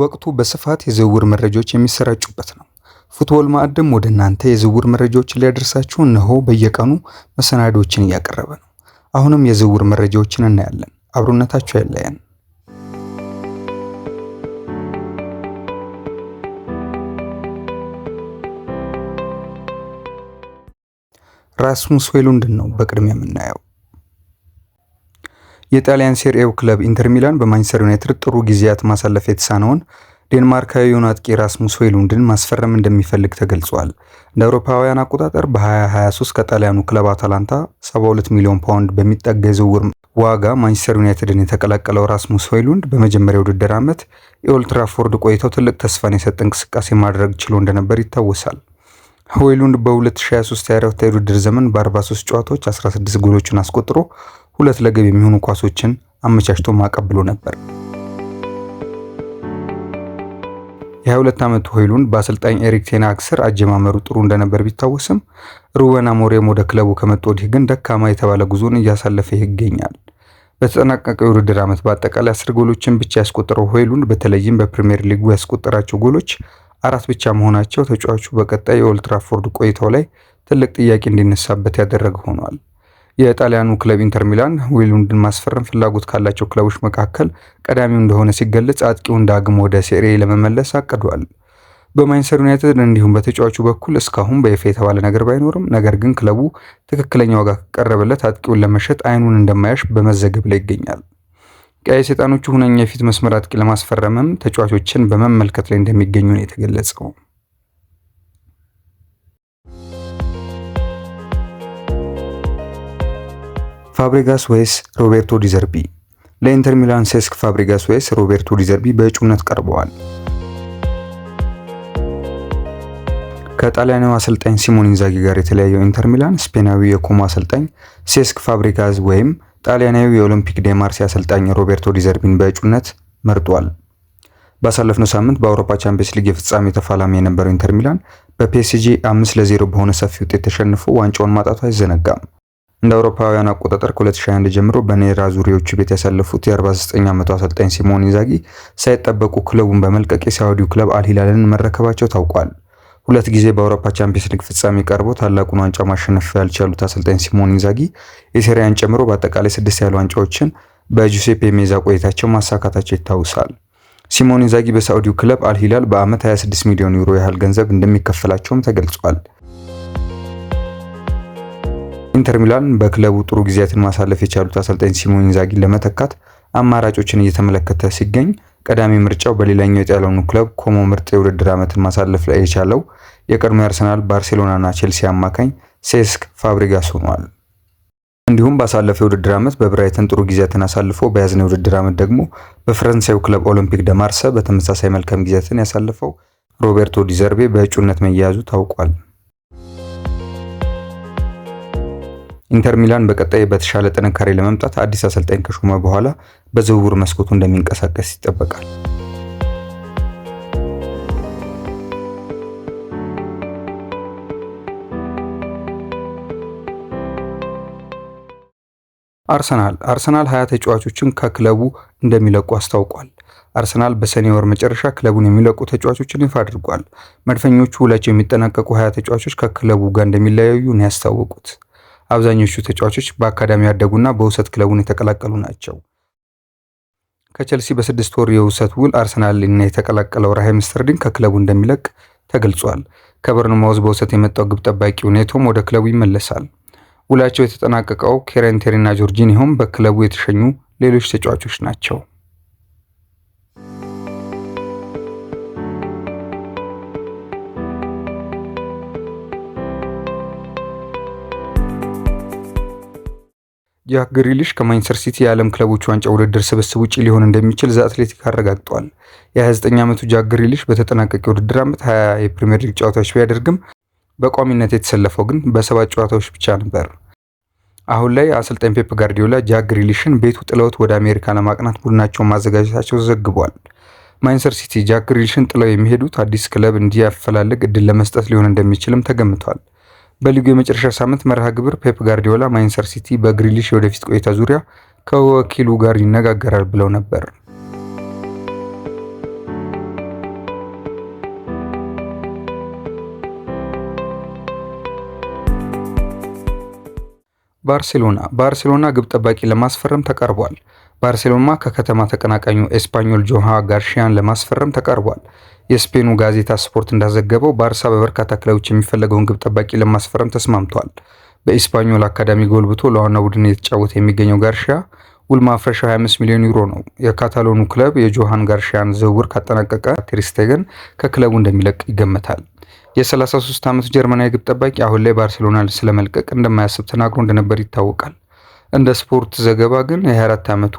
ወቅቱ በስፋት የዝውውር መረጃዎች የሚሰራጩበት ነው። ፉትቦል ማዕድም ወደ እናንተ የዝውውር መረጃዎችን ሊያደርሳችሁ እነሆ በየቀኑ መሰናዶዎችን እያቀረበ ነው። አሁንም የዝውውር መረጃዎችን እናያለን። አብሮነታችሁ ያለያን ራስሙስ ሆይሉንድን ነው በቅድሚያ የምናየው። የጣሊያን ሴሪኤው ክለብ ኢንተር ሚላን በማንቸስተር ዩናይትድ ጥሩ ጊዜያት ማሳለፍ የተሳነውን ዴንማርካዊውን አጥቂ ራስሙስ ሆይሉንድን ማስፈረም እንደሚፈልግ ተገልጿል። እንደ አውሮፓውያን አቆጣጠር በ2023 ከጣሊያኑ ክለብ አታላንታ 72 ሚሊዮን ፓውንድ በሚጠጋ የዝውውር ዋጋ ማንቸስተር ዩናይትድን የተቀላቀለው ራስሙስ ሆይሉንድ በመጀመሪያው ውድድር ዓመት የኦልትራፎርድ ቆይታው ትልቅ ተስፋን የሰጠ እንቅስቃሴ ማድረግ ችሎ እንደነበር ይታወሳል። ሆይሉንድ በ2023 የውድድር ዘመን በ43 ጨዋታዎች 16 ጎሎችን አስቆጥሮ ሁለት ለግብ የሚሆኑ ኳሶችን አመቻችቶ ማቀብሎ ነበር። የ22 ዓመቱ ሆይሉንድ በአሰልጣኝ ኤሪክ ቴናክ ስር አጀማመሩ ጥሩ እንደነበር ቢታወስም ሩበን አሞሬም ወደ ክለቡ ከመጡ ወዲህ ግን ደካማ የተባለ ጉዞን እያሳለፈ ይገኛል። በተጠናቀቀው የውድድር ዓመት በአጠቃላይ አስር ጎሎችን ብቻ ያስቆጠረው ሆይሉንድ በተለይም በፕሪምየር ሊጉ ያስቆጠራቸው ጎሎች አራት ብቻ መሆናቸው ተጫዋቹ በቀጣይ የኦልትራፎርድ ቆይታው ላይ ትልቅ ጥያቄ እንዲነሳበት ያደረገ ሆኗል። የጣሊያኑ ክለብ ኢንተር ሚላን ዊሉንድን ማስፈረም ፍላጎት ካላቸው ክለቦች መካከል ቀዳሚው እንደሆነ ሲገለጽ አጥቂውን ዳግም ወደ ሴሬ ለመመለስ አቅዷል። በማንቸስተር ዩናይትድ እንዲሁም በተጫዋቹ በኩል እስካሁን በይፋ የተባለ ነገር ባይኖርም ነገር ግን ክለቡ ትክክለኛ ዋጋ ከቀረበለት አጥቂውን ለመሸጥ አይኑን እንደማያሽ በመዘገብ ላይ ይገኛል። ቀይ ሰይጣኖቹ ሁነኛ የፊት መስመር አጥቂ ለማስፈረምም ተጫዋቾችን በመመልከት ላይ እንደሚገኙ ነው የተገለጸው። ፋብሪጋስ ወይስ ሮቤርቶ ዲዘርቢ? ለኢንተር ሚላን ሴስክ ፋብሪጋስ ወይስ ሮቤርቶ ዲዘርቢ በእጩነት ቀርበዋል። ከጣሊያናዊ አሰልጣኝ ሲሞን ኢንዛጊ ጋር የተለያየው ኢንተር ሚላን ስፔናዊ የኮሞ አሰልጣኝ ሴስክ ፋብሪጋዝ ወይም ጣሊያናዊ የኦሎምፒክ ዴ ማርሴ አሰልጣኝ ሮቤርቶ ዲዘርቢን በእጩነት መርጧል። ባሳለፍነው ሳምንት በአውሮፓ ቻምፒየንስ ሊግ የፍጻሜ ተፋላሚ የነበረው ኢንተር ሚላን በፒኤስጂ አምስት ለዜሮ በሆነ ሰፊ ውጤት ተሸንፎ ዋንጫውን ማጣቱ አይዘነጋም። እንደ አውሮፓውያን አቆጣጠር ከ2021 ጀምሮ በኔራ ዙሪዎቹ ቤት ያሳለፉት የ49 ዓመቱ አሰልጣኝ ሲሞን ኢንዛጊ ሳይጠበቁ ክለቡን በመልቀቅ የሳውዲው ክለብ አልሂላልን መረከባቸው ታውቋል። ሁለት ጊዜ በአውሮፓ ቻምፒየንስ ሊግ ፍጻሜ ቀርቦ ታላቁን ዋንጫ ማሸነፍ ያልቻሉት አሰልጣኝ ሲሞን ኢንዛጊ የሴሪያን ጨምሮ በአጠቃላይ ስድስት ያሉ ዋንጫዎችን በጁሴፔ ሜዛ ቆይታቸው ማሳካታቸው ይታወሳል። ሲሞን ኢንዛጊ በሳውዲው ክለብ አልሂላል በዓመት 26 ሚሊዮን ዩሮ ያህል ገንዘብ እንደሚከፈላቸውም ተገልጿል። ኢንተር ሚላን በክለቡ ጥሩ ጊዜያትን ማሳለፍ የቻሉት አሰልጣኝ ሲሞን ኢንዛጊ ለመተካት አማራጮችን እየተመለከተ ሲገኝ ቀዳሚ ምርጫው በሌላኛው የጣሊያኑ ክለብ ኮሞ ምርጥ የውድድር ዓመትን ማሳለፍ ላይ የቻለው የቀድሞ የአርሰናል ባርሴሎናና ቼልሲ አማካኝ ሴስክ ፋብሪጋስ ሆኗል። እንዲሁም ባሳለፈው የውድድር ዓመት በብራይተን ጥሩ ጊዜያትን አሳልፎ በያዝነው የውድድር ዓመት ደግሞ በፈረንሳዩ ክለብ ኦሎምፒክ ደማርሰ በተመሳሳይ መልካም ጊዜያትን ያሳለፈው ሮቤርቶ ዲዘርቤ በእጩነት መያያዙ ታውቋል። ኢንተር ሚላን በቀጣይ በተሻለ ጥንካሬ ለመምጣት አዲስ አሰልጣኝ ከሾመ በኋላ በዝውውር መስኮቱ እንደሚንቀሳቀስ ይጠበቃል። አርሰናል አርሰናል ሀያ ተጫዋቾችን ከክለቡ እንደሚለቁ አስታውቋል። አርሰናል በሰኔ ወር መጨረሻ ክለቡን የሚለቁ ተጫዋቾችን ይፋ አድርጓል። መድፈኞቹ ሁላቸው የሚጠናቀቁ ሀያ ተጫዋቾች ከክለቡ ጋር እንደሚለያዩ ነው ያስታወቁት። አብዛኞቹ ተጫዋቾች በአካዳሚ ያደጉና በውሰት ክለቡን የተቀላቀሉ ናቸው። ከቸልሲ በስድስት ወር የውሰት ውል አርሰናልና የተቀላቀለው ራሂም ስተርሊንግ ከክለቡ እንደሚለቅ ተገልጿል። ከበርንማውዝ በውሰት የመጣው ግብ ጠባቂው ኔቶም ወደ ክለቡ ይመለሳል። ውላቸው የተጠናቀቀው ኬረንቴሪና ጆርጂኒሆም በክለቡ የተሸኙ ሌሎች ተጫዋቾች ናቸው። ጃክ ግሪሊሽ ከማንቸስተር ሲቲ የዓለም ክለቦች ዋንጫ ውድድር ስብስብ ውጪ ሊሆን እንደሚችል ዘ አትሌቲክ አረጋግጧል። የ29 ዓመቱ ጃክ ግሪሊሽ በተጠናቀቀ ውድድር ዓመት 20 የፕሪምየር ሊግ ጨዋታዎች ቢያደርግም በቋሚነት የተሰለፈው ግን በሰባት ጨዋታዎች ብቻ ነበር። አሁን ላይ አሰልጣኝ ፔፕ ጋርዲዮላ ጃክ ግሪሊሽን ቤቱ ጥለውት ወደ አሜሪካ ለማቅናት ቡድናቸውን ማዘጋጀታቸው ተዘግቧል። ማንቸስተር ሲቲ ጃክ ግሪሊሽን ጥለው የሚሄዱት አዲስ ክለብ እንዲያፈላልግ እድል ለመስጠት ሊሆን እንደሚችልም ተገምቷል። በሊጉ የመጨረሻ ሳምንት መርሃ ግብር ፔፕ ጋርዲዮላ ማንቸስተር ሲቲ በግሪሊሽ የወደፊት ቆይታ ዙሪያ ከወኪሉ ጋር ይነጋገራል ብለው ነበር። ባርሴሎና ባርሴሎና ግብ ጠባቂ ለማስፈረም ተቃርቧል። ባርሴሎና ከከተማ ተቀናቃኙ ኤስፓኞል ጆሃ ጋርሺያን ለማስፈረም ተቃርቧል። የስፔኑ ጋዜጣ ስፖርት እንዳዘገበው ባርሳ በበርካታ ክለቦች የሚፈለገውን ግብ ጠባቂ ለማስፈረም ተስማምቷል። በኤስፓኞል አካዳሚ ጎልብቶ ለዋና ቡድን የተጫወተ የሚገኘው ጋርሺያ ውል ማፍረሻው 25 ሚሊዮን ዩሮ ነው። የካታሎኑ ክለብ የጆሃን ጋርሺያን ዝውውር ካጠናቀቀ ቴሪስቴገን ከክለቡ እንደሚለቅ ይገመታል። የ33 ዓመቱ ጀርመናዊ ግብ ጠባቂ አሁን ላይ ባርሴሎና ስለመልቀቅ እንደማያስብ ተናግሮ እንደነበር ይታወቃል። እንደ ስፖርት ዘገባ ግን የ24 ዓመቱ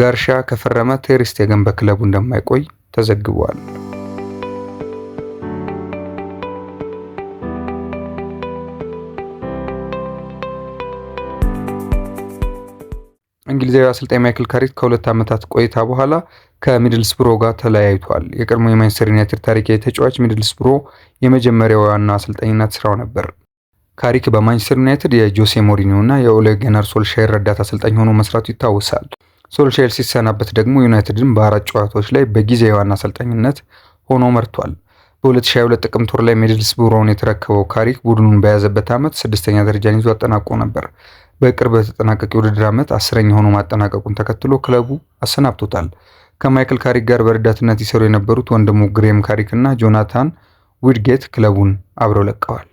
ጋርሻ ከፈረመ ቴርስቴገን በክለቡ እንደማይቆይ ተዘግቧል። እንግሊዛዊ አሰልጣኝ ማይክል ካሪክ ከሁለት ዓመታት ቆይታ በኋላ ከሚድልስብሮ ጋር ተለያይቷል። የቀድሞ የማንቸስተር ዩናይትድ ታሪካዊ ተጫዋች ሚድልስብሮ የመጀመሪያው ዋና አሰልጣኝነት ስራው ነበር። ካሪክ በማንቸስተር ዩናይትድ የጆሴ ሞሪኒዮ እና የኦሌ ገናር ሶልሻየር ረዳት አሰልጣኝ ሆኖ መስራቱ ይታወሳል። ሶልሻየር ሲሰናበት ደግሞ ዩናይትድን በአራት ጨዋታዎች ላይ በጊዜ ዋና አሰልጣኝነት ሆኖ መርቷል። በ2022 ጥቅምት ወር ላይ ሚድልስብሮውን የተረከበው ካሪክ ቡድኑን በያዘበት ዓመት ስድስተኛ ደረጃን ይዞ አጠናቆ ነበር። በቅርብ በተጠናቀቀ የውድድር ዓመት አስረኛ ሆኖ ማጠናቀቁን ተከትሎ ክለቡ አሰናብቶታል። ከማይክል ካሪክ ጋር በረዳትነት ይሰሩ የነበሩት ወንድሙ ግሬም ካሪክ እና ጆናታን ዊድጌት ክለቡን አብረው ለቀዋል።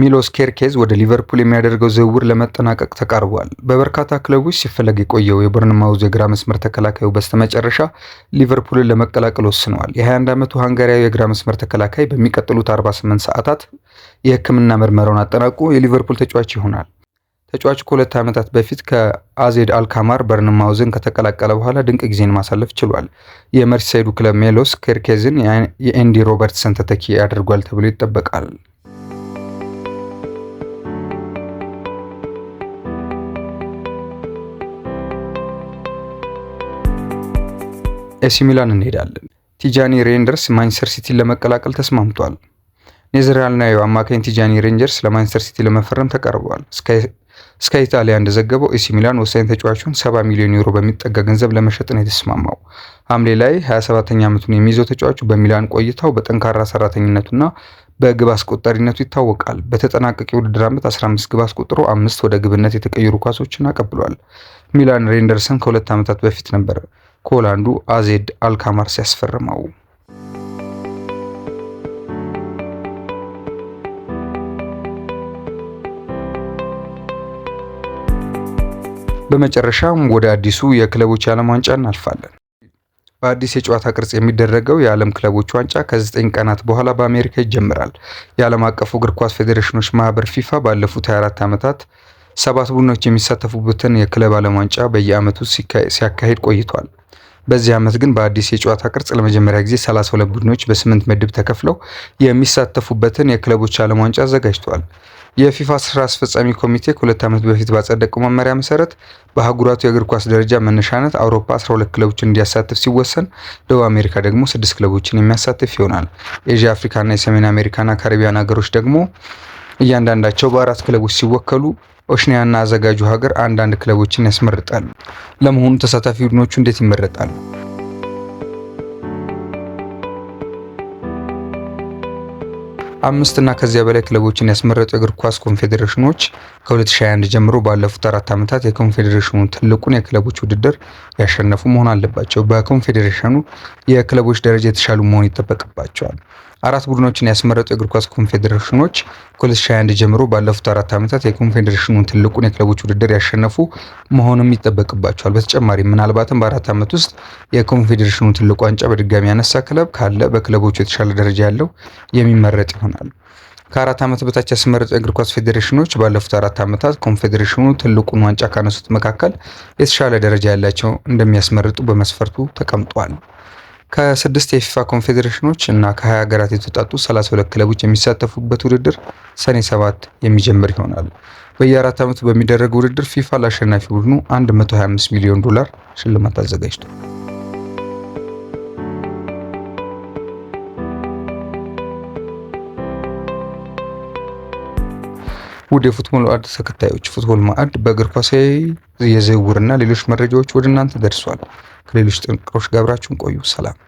ሚሎስ ኬርኬዝ ወደ ሊቨርፑል የሚያደርገው ዝውውር ለመጠናቀቅ ተቃርቧል። በበርካታ ክለቦች ሲፈለግ የቆየው የቦርንማውዝ የግራ መስመር ተከላካዩ በስተመጨረሻ ሊቨርፑልን ለመቀላቀል ወስነዋል። የ21 ዓመቱ ሃንጋሪያዊ የግራ መስመር ተከላካይ በሚቀጥሉት 48 ሰዓታት የሕክምና ምርመራውን አጠናቆ የሊቨርፑል ተጫዋች ይሆናል። ተጫዋቹ ከሁለት ዓመታት በፊት ከአዜድ አልካማር በርንማውዝን ከተቀላቀለ በኋላ ድንቅ ጊዜን ማሳለፍ ችሏል። የመርሲሳይዱ ክለብ ሜሎስ ኬርኬዝን የኤንዲ ሮበርትሰን ተተኪ አድርጓል ተብሎ ይጠበቃል። ኤሲ ሚላን እንሄዳለን። ቲጃኒ ሬንደርስ ማንቸስተር ሲቲን ለመቀላቀል ተስማምቷል። ኔዘርላንዳዊው አማካኝ ቲጃኒ ሬንጀርስ ለማንቸስተር ሲቲ ለመፈረም ተቀርቧል። ስካይ ኢታሊያ እንደዘገበው ኤሲ ሚላን ወሳኝ ተጫዋቹን 70 ሚሊዮን ዩሮ በሚጠጋ ገንዘብ ለመሸጥ ነው የተስማማው። ሐምሌ ላይ 27ኛ ዓመቱን የሚይዘው ተጫዋቹ በሚላን ቆይታው በጠንካራ ሰራተኝነቱና በግብ አስቆጣሪነቱ ይታወቃል። በተጠናቀቀ የውድድር ዓመት 15 ግብ አስቆጥሮ አምስት ወደ ግብነት የተቀየሩ ኳሶችን አቀብሏል። ሚላን ሬንደርስን ከሁለት ዓመታት በፊት ነበር ከሆላንዱ አዜድ አልካማር ሲያስፈርመው በመጨረሻም ወደ አዲሱ የክለቦች የዓለም ዋንጫ እናልፋለን። በአዲስ የጨዋታ ቅርጽ የሚደረገው የዓለም ክለቦች ዋንጫ ከ9 ቀናት በኋላ በአሜሪካ ይጀምራል። የዓለም አቀፉ እግር ኳስ ፌዴሬሽኖች ማህበር ፊፋ ባለፉት 24 ዓመታት ሰባት ቡድኖች የሚሳተፉበትን የክለብ ዓለም ዋንጫ በየዓመቱ ሲያካሄድ ቆይቷል። በዚህ ዓመት ግን በአዲስ የጨዋታ ቅርጽ ለመጀመሪያ ጊዜ 32 ቡድኖች በስምንት ምድብ ተከፍለው የሚሳተፉበትን የክለቦች ዓለም ዋንጫ አዘጋጅቷል። የፊፋ ስራ አስፈጻሚ ኮሚቴ ከሁለት ዓመት በፊት ባጸደቀው መመሪያ መሰረት በአህጉራቱ የእግር ኳስ ደረጃ መነሻነት አውሮፓ 12 ክለቦችን እንዲያሳትፍ ሲወሰን፣ ደቡብ አሜሪካ ደግሞ ስድስት ክለቦችን የሚያሳትፍ ይሆናል። ኤዥያ፣ አፍሪካና የሰሜን አሜሪካና ካሪቢያን ሀገሮች ደግሞ እያንዳንዳቸው በአራት ክለቦች ሲወከሉ ኦሽኒያና አዘጋጁ ሀገር አንዳንድ ክለቦችን ያስመርጣሉ። ለመሆኑ ተሳታፊ ቡድኖቹ እንዴት ይመረጣሉ? አምስት እና ከዚያ በላይ ክለቦችን ያስመረጡ የእግር ኳስ ኮንፌዴሬሽኖች ከ2021 ጀምሮ ባለፉት አራት ዓመታት የኮንፌዴሬሽኑ ትልቁን የክለቦች ውድድር ያሸነፉ መሆን አለባቸው። በኮንፌዴሬሽኑ የክለቦች ደረጃ የተሻሉ መሆን ይጠበቅባቸዋል። አራት ቡድኖችን ያስመረጡ የእግር ኳስ ኮንፌዴሬሽኖች ከ2021 ጀምሮ ባለፉት አራት ዓመታት የኮንፌዴሬሽኑን ትልቁን የክለቦች ውድድር ያሸነፉ መሆኑም ይጠበቅባቸዋል። በተጨማሪም ምናልባትም በአራት ዓመት ውስጥ የኮንፌዴሬሽኑን ትልቁ ዋንጫ በድጋሚ ያነሳ ክለብ ካለ በክለቦቹ የተሻለ ደረጃ ያለው የሚመረጥ ይሆናል። ከአራት ዓመት በታች ያስመረጡ የእግር ኳስ ፌዴሬሽኖች ባለፉት አራት ዓመታት ኮንፌዴሬሽኑ ትልቁን ዋንጫ ካነሱት መካከል የተሻለ ደረጃ ያላቸው እንደሚያስመርጡ በመስፈርቱ ተቀምጧል። ከስድስት የፊፋ ኮንፌዴሬሽኖች እና ከ20 ሀገራት የተውጣጡ 32 ክለቦች የሚሳተፉበት ውድድር ሰኔ 7 የሚጀምር ይሆናል። በየአራት ዓመቱ በሚደረግ ውድድር ፊፋ ለአሸናፊ ቡድኑ 125 ሚሊዮን ዶላር ሽልማት አዘጋጅቷል። ውድ የፉትቦል ማዕድ ተከታዮች ፉትቦል ማዕድ በእግር ኳሳዊ የዝውውርና ሌሎች መረጃዎች ወደ እናንተ ደርሷል። ከሌሎች ጥንቅሮች ጋብራችሁን ቆዩ። ሰላም